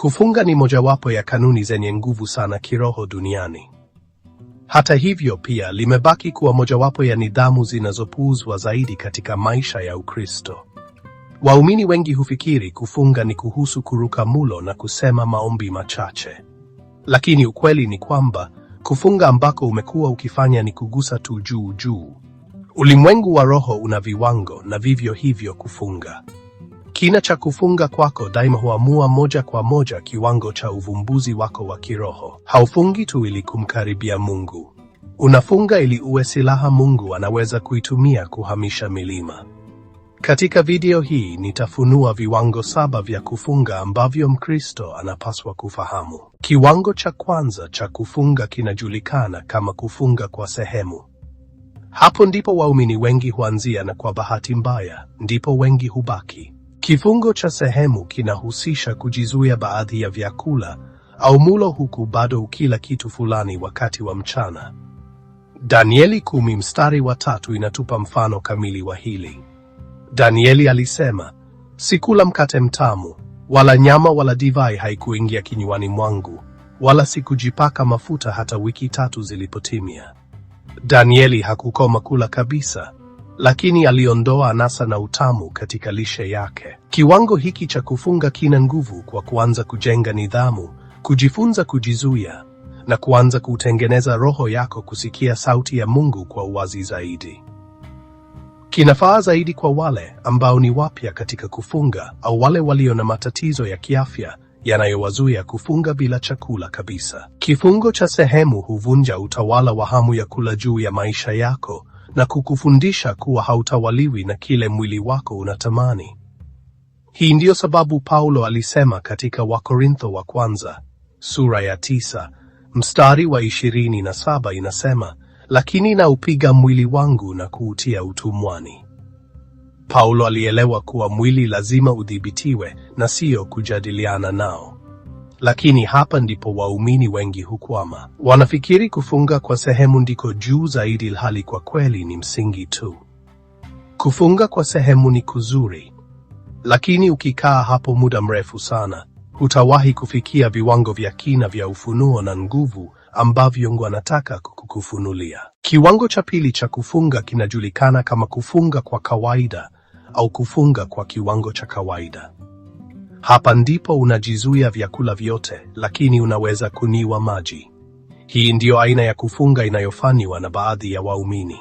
Kufunga ni mojawapo ya kanuni zenye nguvu sana kiroho duniani. Hata hivyo, pia limebaki kuwa mojawapo ya nidhamu zinazopuuzwa zaidi katika maisha ya Ukristo. Waumini wengi hufikiri kufunga ni kuhusu kuruka mulo na kusema maombi machache, lakini ukweli ni kwamba kufunga ambako umekuwa ukifanya ni kugusa tu juu juu. Ulimwengu wa roho una viwango, na vivyo hivyo kufunga. Kina cha kufunga kwako daima huamua moja kwa moja kiwango cha uvumbuzi wako wa kiroho. Haufungi tu ili kumkaribia Mungu, unafunga ili uwe silaha Mungu anaweza kuitumia kuhamisha milima. Katika video hii nitafunua viwango saba vya kufunga ambavyo Mkristo anapaswa kufahamu. Kiwango cha kwanza cha kufunga kinajulikana kama kufunga kwa sehemu. Hapo ndipo waumini wengi huanzia na kwa bahati mbaya ndipo wengi hubaki. Kifungo cha sehemu kinahusisha kujizuia baadhi ya vyakula au mulo huku bado ukila kitu fulani wakati wa mchana. Danieli kumi mstari wa tatu inatupa mfano kamili wa hili. Danieli alisema, sikula mkate mtamu wala nyama wala divai haikuingia kinywani mwangu, wala sikujipaka mafuta hata wiki tatu zilipotimia. Danieli hakukoma kula kabisa, lakini aliondoa anasa na utamu katika lishe yake. Kiwango hiki cha kufunga kina nguvu kwa kuanza kujenga nidhamu, kujifunza kujizuia na kuanza kutengeneza roho yako kusikia sauti ya Mungu kwa uwazi zaidi. Kinafaa zaidi kwa wale ambao ni wapya katika kufunga au wale walio na matatizo ya kiafya yanayowazuia kufunga bila chakula kabisa. Kifungo cha sehemu huvunja utawala wa hamu ya kula juu ya maisha yako na kukufundisha kuwa hautawaliwi na kile mwili wako unatamani. Hii ndiyo sababu Paulo alisema katika Wakorintho wa kwanza sura ya tisa mstari wa ishirini na saba inasema, lakini naupiga mwili wangu na kuutia utumwani. Paulo alielewa kuwa mwili lazima udhibitiwe na siyo kujadiliana nao. Lakini hapa ndipo waumini wengi hukwama. Wanafikiri kufunga kwa sehemu ndiko juu zaidi, ilhali kwa kweli ni msingi tu. Kufunga kwa sehemu ni kuzuri, lakini ukikaa hapo muda mrefu sana, utawahi kufikia viwango vya kina vya ufunuo na nguvu ambavyo Mungu anataka kukufunulia. Kiwango cha pili cha kufunga kinajulikana kama kufunga kwa kawaida au kufunga kwa kiwango cha kawaida. Hapa ndipo unajizuia vyakula vyote, lakini unaweza kuniwa maji. Hii ndiyo aina ya kufunga inayofanywa na baadhi ya waumini.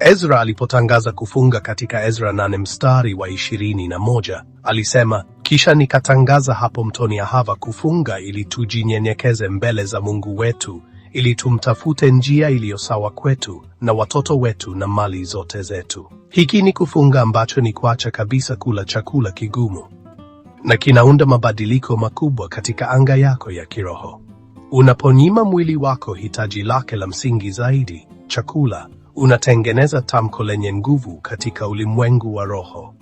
Ezra alipotangaza kufunga katika Ezra 8 mstari wa 21, alisema kisha nikatangaza hapo mtoni Ahava kufunga ili tujinyenyekeze mbele za Mungu wetu ili tumtafute njia iliyo sawa kwetu na watoto wetu na mali zote zetu. Hiki ni kufunga ambacho ni kuacha kabisa kula chakula kigumu na kinaunda mabadiliko makubwa katika anga yako ya kiroho. Unaponyima mwili wako hitaji lake la msingi zaidi, chakula, unatengeneza tamko lenye nguvu katika ulimwengu wa roho.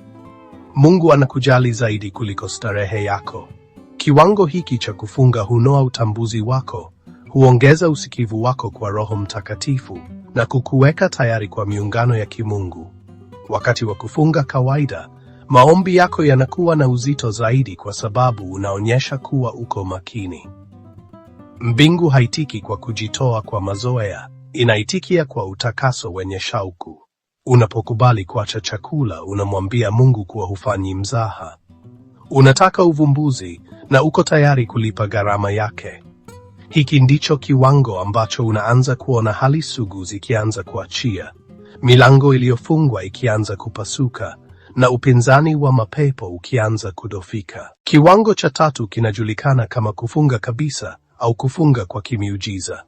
Mungu anakujali zaidi kuliko starehe yako. Kiwango hiki cha kufunga hunoa utambuzi wako, huongeza usikivu wako kwa Roho Mtakatifu na kukuweka tayari kwa miungano ya kimungu. Wakati wa kufunga kawaida, maombi yako yanakuwa na uzito zaidi kwa sababu unaonyesha kuwa uko makini. Mbingu haitiki kwa kujitoa kwa mazoea, inaitikia kwa utakaso wenye shauku. Unapokubali kuacha chakula, unamwambia Mungu kuwa hufanyi mzaha. Unataka uvumbuzi na uko tayari kulipa gharama yake. Hiki ndicho kiwango ambacho unaanza kuona hali sugu zikianza kuachia, milango iliyofungwa ikianza kupasuka na upinzani wa mapepo ukianza kudofika. Kiwango cha tatu kinajulikana kama kufunga kabisa au kufunga kwa kimiujiza.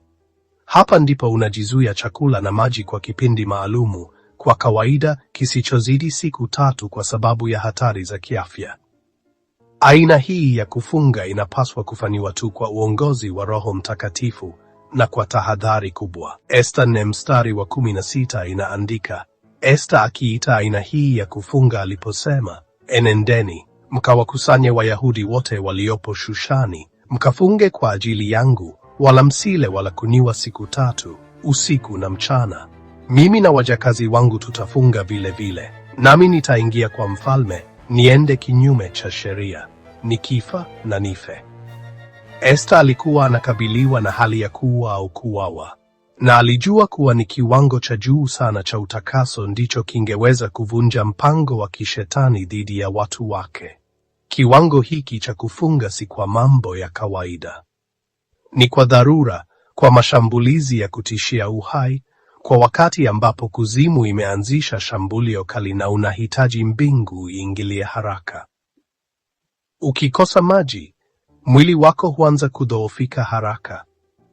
Hapa ndipo unajizuia chakula na maji kwa kipindi maalumu, kwa kawaida kisichozidi siku tatu, kwa sababu ya hatari za kiafya. Aina hii ya kufunga inapaswa kufanyiwa tu kwa uongozi wa Roho Mtakatifu na kwa tahadhari kubwa. Esta mstari wa 16 inaandika Esta akiita aina hii ya kufunga aliposema, enendeni mkawakusanye Wayahudi wote waliopo Shushani, mkafunge kwa ajili yangu, wala msile wala kuniwa siku tatu, usiku na mchana. Mimi na wajakazi wangu tutafunga vile vile, nami nitaingia kwa mfalme, niende kinyume cha sheria, nikifa na nife. Esta alikuwa anakabiliwa na hali ya kuwa au kuwawa na alijua kuwa ni kiwango cha juu sana cha utakaso ndicho kingeweza kuvunja mpango wa kishetani dhidi ya watu wake. Kiwango hiki cha kufunga si kwa mambo ya kawaida, ni kwa dharura, kwa mashambulizi ya kutishia uhai, kwa wakati ambapo kuzimu imeanzisha shambulio kali na unahitaji mbingu iingilie haraka. Ukikosa maji, mwili wako huanza kudhoofika haraka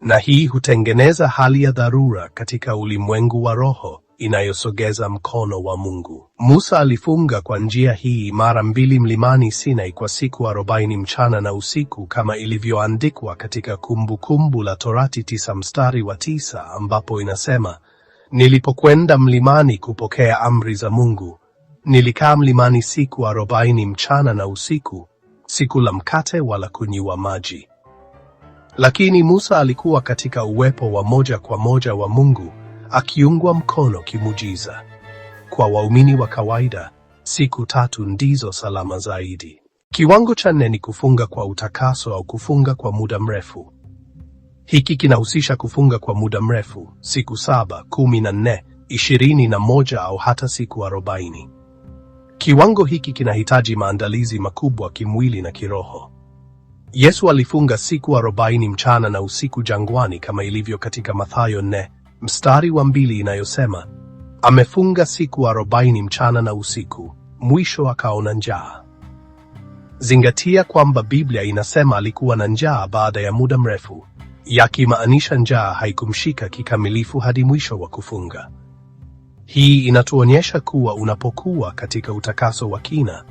na hii hutengeneza hali ya dharura katika ulimwengu wa roho inayosogeza mkono wa Mungu. Musa alifunga kwa njia hii mara mbili mlimani Sinai kwa siku arobaini mchana na usiku kama ilivyoandikwa katika Kumbukumbu kumbu la Torati tisa mstari wa tisa ambapo inasema, nilipokwenda mlimani kupokea amri za Mungu, nilikaa mlimani siku arobaini mchana na usiku, siku la mkate wala kunywa maji. Lakini Musa alikuwa katika uwepo wa moja kwa moja wa Mungu, akiungwa mkono kimujiza. Kwa waumini wa kawaida, siku tatu ndizo salama zaidi. Kiwango cha nne ni kufunga kwa utakaso au kufunga kwa muda mrefu. Hiki kinahusisha kufunga kwa muda mrefu, siku saba, kumi na nne, ishirini na moja au hata siku arobaini. Kiwango hiki kinahitaji maandalizi makubwa kimwili na kiroho. Yesu alifunga siku 40 mchana na usiku jangwani kama ilivyo katika Mathayo 4 mstari wa mbili inayosema amefunga siku 40 mchana na usiku, mwisho akaona njaa. Zingatia kwamba Biblia inasema alikuwa na njaa baada ya muda mrefu, yakimaanisha njaa haikumshika kikamilifu hadi mwisho wa kufunga. Hii inatuonyesha kuwa unapokuwa katika utakaso wa kina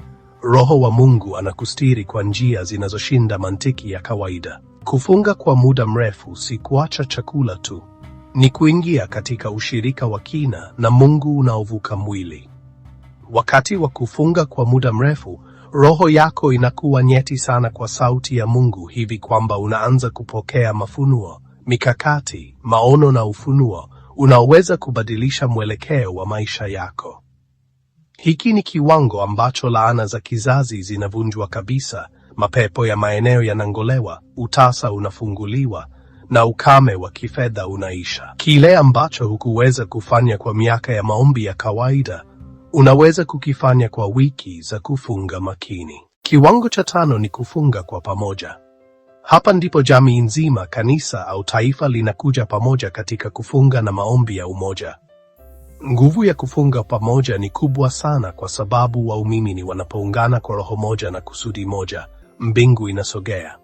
Roho wa Mungu anakustiri kwa njia zinazoshinda mantiki ya kawaida. Kufunga kwa muda mrefu si kuacha chakula tu, ni kuingia katika ushirika wa kina na Mungu unaovuka mwili. Wakati wa kufunga kwa muda mrefu, roho yako inakuwa nyeti sana kwa sauti ya Mungu hivi kwamba unaanza kupokea mafunuo, mikakati, maono na ufunuo unaoweza kubadilisha mwelekeo wa maisha yako. Hiki ni kiwango ambacho laana za kizazi zinavunjwa kabisa, mapepo ya maeneo yanang'olewa, utasa unafunguliwa na ukame wa kifedha unaisha. Kile ambacho hukuweza kufanya kwa miaka ya maombi ya kawaida, unaweza kukifanya kwa wiki za kufunga makini. Kiwango cha tano ni kufunga kwa pamoja. Hapa ndipo jamii nzima, kanisa au taifa linakuja pamoja katika kufunga na maombi ya umoja. Nguvu ya kufunga pamoja ni kubwa sana, kwa sababu waumini wanapoungana kwa roho moja na kusudi moja, mbingu inasogea.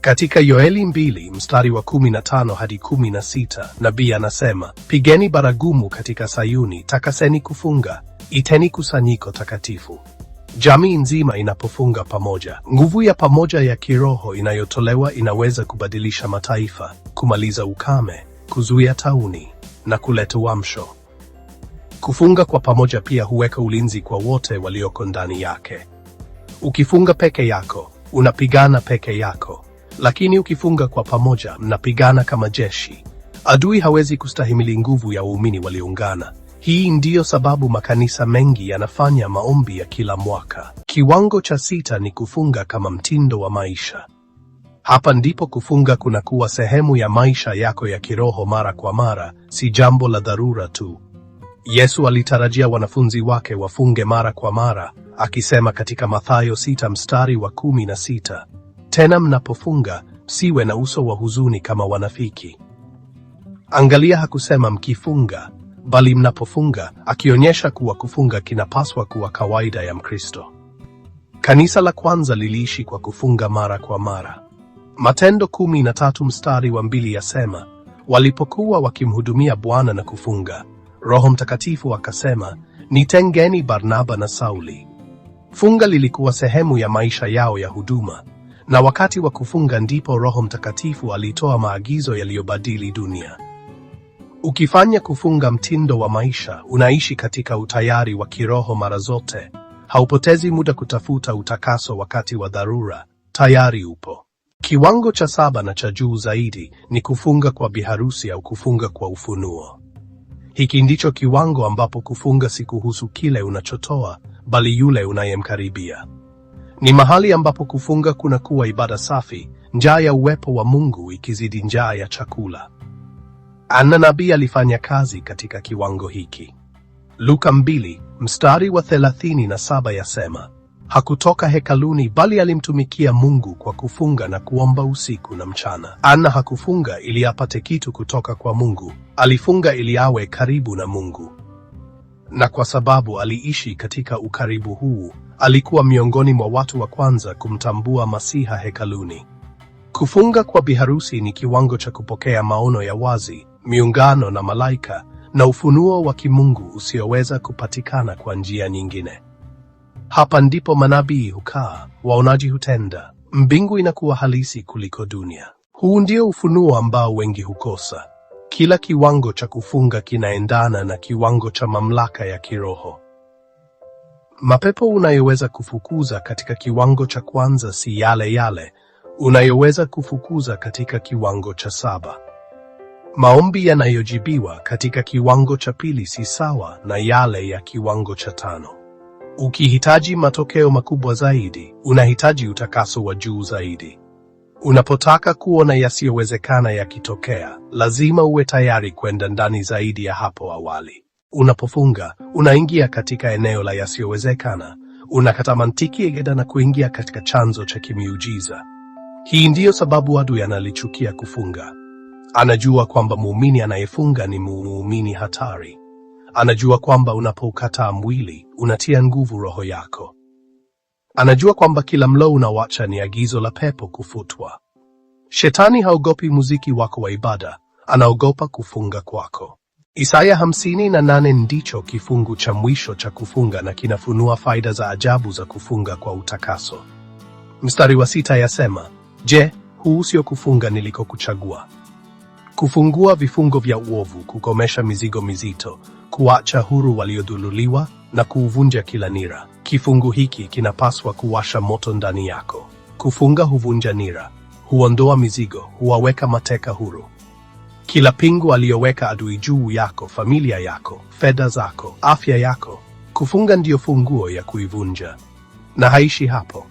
Katika Yoeli mbili mstari wa 15 hadi 16, nabii anasema, pigeni baragumu katika Sayuni, takaseni kufunga, iteni kusanyiko takatifu. Jamii nzima inapofunga pamoja, nguvu ya pamoja ya kiroho inayotolewa inaweza kubadilisha mataifa, kumaliza ukame, kuzuia tauni na kuleta uamsho. Kufunga kwa pamoja pia huweka ulinzi kwa wote walioko ndani yake. Ukifunga peke yako, unapigana peke yako, lakini ukifunga kwa pamoja, mnapigana kama jeshi. Adui hawezi kustahimili nguvu ya waumini walioungana. Hii ndiyo sababu makanisa mengi yanafanya maombi ya kila mwaka. Kiwango cha sita ni kufunga kama mtindo wa maisha. Hapa ndipo kufunga kunakuwa sehemu ya maisha yako ya kiroho mara kwa mara, si jambo la dharura tu. Yesu alitarajia wanafunzi wake wafunge mara kwa mara, akisema katika Mathayo 6 mstari wa kumi na sita, tena mnapofunga msiwe na uso wa huzuni kama wanafiki. Angalia, hakusema mkifunga, bali mnapofunga, akionyesha kuwa kufunga kinapaswa kuwa kawaida ya Mkristo. Kanisa la kwanza liliishi kwa kufunga mara kwa mara. Matendo kumi na tatu mstari wa mbili yasema, walipokuwa wakimhudumia Bwana na kufunga, Roho Mtakatifu akasema, nitengeni Barnaba na Sauli. Funga lilikuwa sehemu ya maisha yao ya huduma, na wakati wa kufunga ndipo Roho Mtakatifu alitoa maagizo yaliyobadili dunia. Ukifanya kufunga mtindo wa maisha, unaishi katika utayari wa kiroho mara zote. Haupotezi muda kutafuta utakaso wakati wa dharura, tayari upo. Kiwango cha saba na cha juu zaidi ni kufunga kwa biharusi au kufunga kwa ufunuo. Hiki ndicho kiwango ambapo kufunga si kuhusu kile unachotoa, bali yule unayemkaribia. Ni mahali ambapo kufunga kunakuwa ibada safi, njaa ya uwepo wa Mungu ikizidi njaa ya chakula. Anna nabii alifanya kazi katika kiwango hiki. Luka 2 mstari wa 37 yasema, Hakutoka hekaluni bali alimtumikia Mungu kwa kufunga na kuomba usiku na mchana. ana hakufunga ili apate kitu kutoka kwa Mungu, alifunga ili awe karibu na Mungu. Na kwa sababu aliishi katika ukaribu huu, alikuwa miongoni mwa watu wa kwanza kumtambua Masiha hekaluni. Kufunga kwa biharusi ni kiwango cha kupokea maono ya wazi, miungano na malaika na ufunuo wa kimungu usioweza kupatikana kwa njia nyingine. Hapa ndipo manabii hukaa, waonaji hutenda, mbingu inakuwa halisi kuliko dunia. Huu ndio ufunuo ambao wengi hukosa. Kila kiwango cha kufunga kinaendana na kiwango cha mamlaka ya kiroho. Mapepo unayoweza kufukuza katika kiwango cha kwanza si yale yale unayoweza kufukuza katika kiwango cha saba. Maombi yanayojibiwa katika kiwango cha pili si sawa na yale ya kiwango cha tano. Ukihitaji matokeo makubwa zaidi, unahitaji utakaso wa juu zaidi. Unapotaka kuona yasiyowezekana yakitokea, lazima uwe tayari kwenda ndani zaidi ya hapo awali. Unapofunga, unaingia katika eneo la yasiyowezekana, unakata mantiki egeda na kuingia katika chanzo cha kimiujiza. Hii ndiyo sababu adui analichukia kufunga. Anajua kwamba muumini anayefunga ni muumini hatari. Anajua kwamba unapoukataa mwili unatia nguvu roho yako. Anajua kwamba kila mlo unawacha ni agizo la pepo kufutwa. Shetani haogopi muziki wako wa ibada, anaogopa kufunga kwako. Isaya 58 na ndicho kifungu cha mwisho cha kufunga na kinafunua faida za ajabu za kufunga kwa utakaso. Mstari wa sita yasema, Je, huu sio kufunga nilikokuchagua? Kufungua vifungo vya uovu, kukomesha mizigo mizito, kuacha huru waliodhululiwa na kuuvunja kila nira. Kifungu hiki kinapaswa kuwasha moto ndani yako. Kufunga huvunja nira, huondoa mizigo, huwaweka mateka huru. Kila pingu aliyoweka adui juu yako, familia yako, fedha zako, afya yako, kufunga ndiyo funguo ya kuivunja. Na haishi hapo.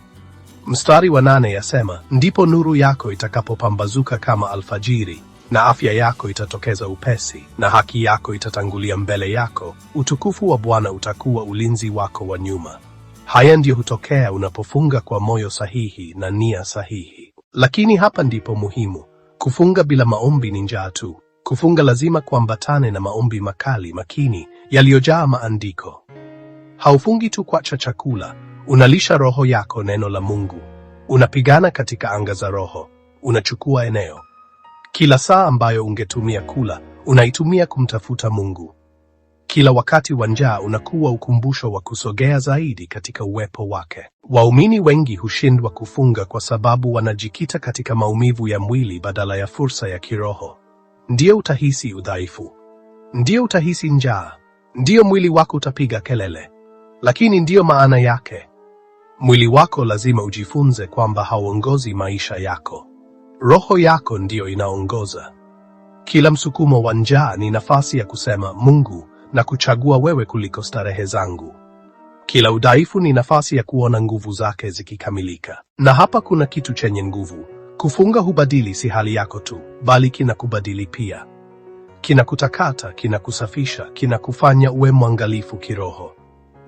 Mstari wa nane yasema, ndipo nuru yako itakapopambazuka kama alfajiri na afya yako itatokeza upesi, na haki yako itatangulia mbele yako. Utukufu wa Bwana utakuwa ulinzi wako wa nyuma. Haya ndiyo hutokea unapofunga kwa moyo sahihi na nia sahihi. Lakini hapa ndipo muhimu: kufunga bila maombi ni njaa tu. Kufunga lazima kuambatane na maombi makali, makini, yaliyojaa maandiko. Haufungi tu kwacha chakula, unalisha roho yako neno la Mungu. Unapigana katika anga za roho, unachukua eneo kila saa ambayo ungetumia kula unaitumia kumtafuta Mungu. Kila wakati wa njaa unakuwa ukumbusho wa kusogea zaidi katika uwepo wake. Waumini wengi hushindwa kufunga kwa sababu wanajikita katika maumivu ya mwili badala ya fursa ya kiroho. ndio utahisi udhaifu, ndio utahisi njaa, ndio mwili wako utapiga kelele, lakini ndiyo maana yake. Mwili wako lazima ujifunze kwamba hauongozi maisha yako. Roho yako ndiyo inaongoza. Kila msukumo wa njaa ni nafasi ya kusema Mungu na kuchagua wewe kuliko starehe zangu. Kila udhaifu ni nafasi ya kuona nguvu zake zikikamilika. Na hapa kuna kitu chenye nguvu. Kufunga hubadili si hali yako tu, bali kinakubadili pia. Kinakutakata, kinakusafisha, kinakufanya uwe mwangalifu kiroho.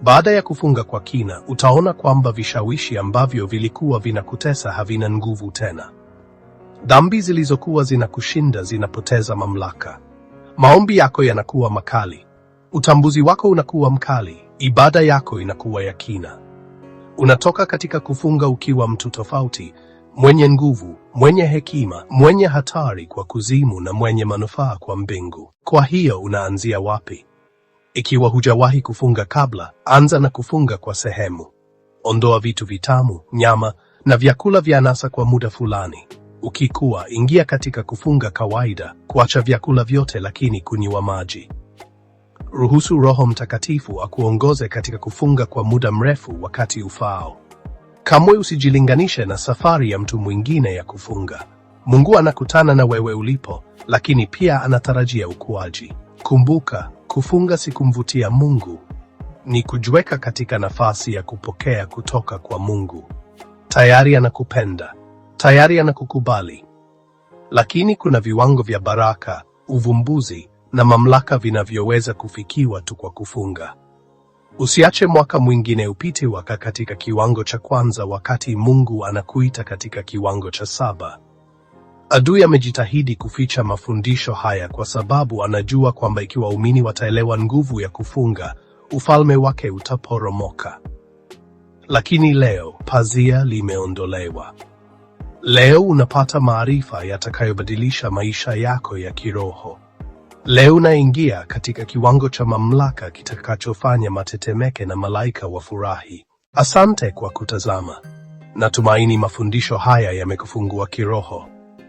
Baada ya kufunga kwa kina, utaona kwamba vishawishi ambavyo vilikuwa vinakutesa havina nguvu tena. Dhambi zilizokuwa zinakushinda zinapoteza mamlaka. Maombi yako yanakuwa makali, utambuzi wako unakuwa mkali, ibada yako inakuwa ya kina. Unatoka katika kufunga ukiwa mtu tofauti, mwenye nguvu, mwenye hekima, mwenye hatari kwa kuzimu na mwenye manufaa kwa mbingu. Kwa hiyo unaanzia wapi? Ikiwa hujawahi kufunga kabla, anza na kufunga kwa sehemu. Ondoa vitu vitamu, nyama na vyakula vya anasa kwa muda fulani. Ukikua, ingia katika kufunga kawaida, kuacha vyakula vyote lakini kunywa maji. Ruhusu Roho Mtakatifu akuongoze katika kufunga kwa muda mrefu wakati ufaao. Kamwe usijilinganishe na safari ya mtu mwingine ya kufunga. Mungu anakutana na wewe ulipo, lakini pia anatarajia ukuaji. Kumbuka, kufunga si kumvutia Mungu, ni kujiweka katika nafasi ya kupokea kutoka kwa Mungu. Tayari anakupenda tayari anakukubali. Lakini kuna viwango vya baraka, uvumbuzi na mamlaka vinavyoweza kufikiwa tu kwa kufunga. Usiache mwaka mwingine upite waka katika kiwango cha kwanza, wakati Mungu anakuita katika kiwango cha saba. Adui amejitahidi kuficha mafundisho haya kwa sababu anajua kwamba ikiwa waumini wataelewa nguvu ya kufunga, ufalme wake utaporomoka. Lakini leo pazia limeondolewa. Leo unapata maarifa yatakayobadilisha maisha yako ya kiroho. Leo unaingia katika kiwango cha mamlaka kitakachofanya matetemeke na malaika wafurahi. Asante kwa kutazama. Natumaini mafundisho haya yamekufungua kiroho.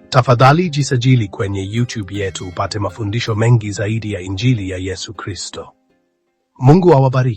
Tafadhali jisajili kwenye YouTube yetu upate mafundisho mengi zaidi ya Injili ya Yesu Kristo. Mungu awabariki.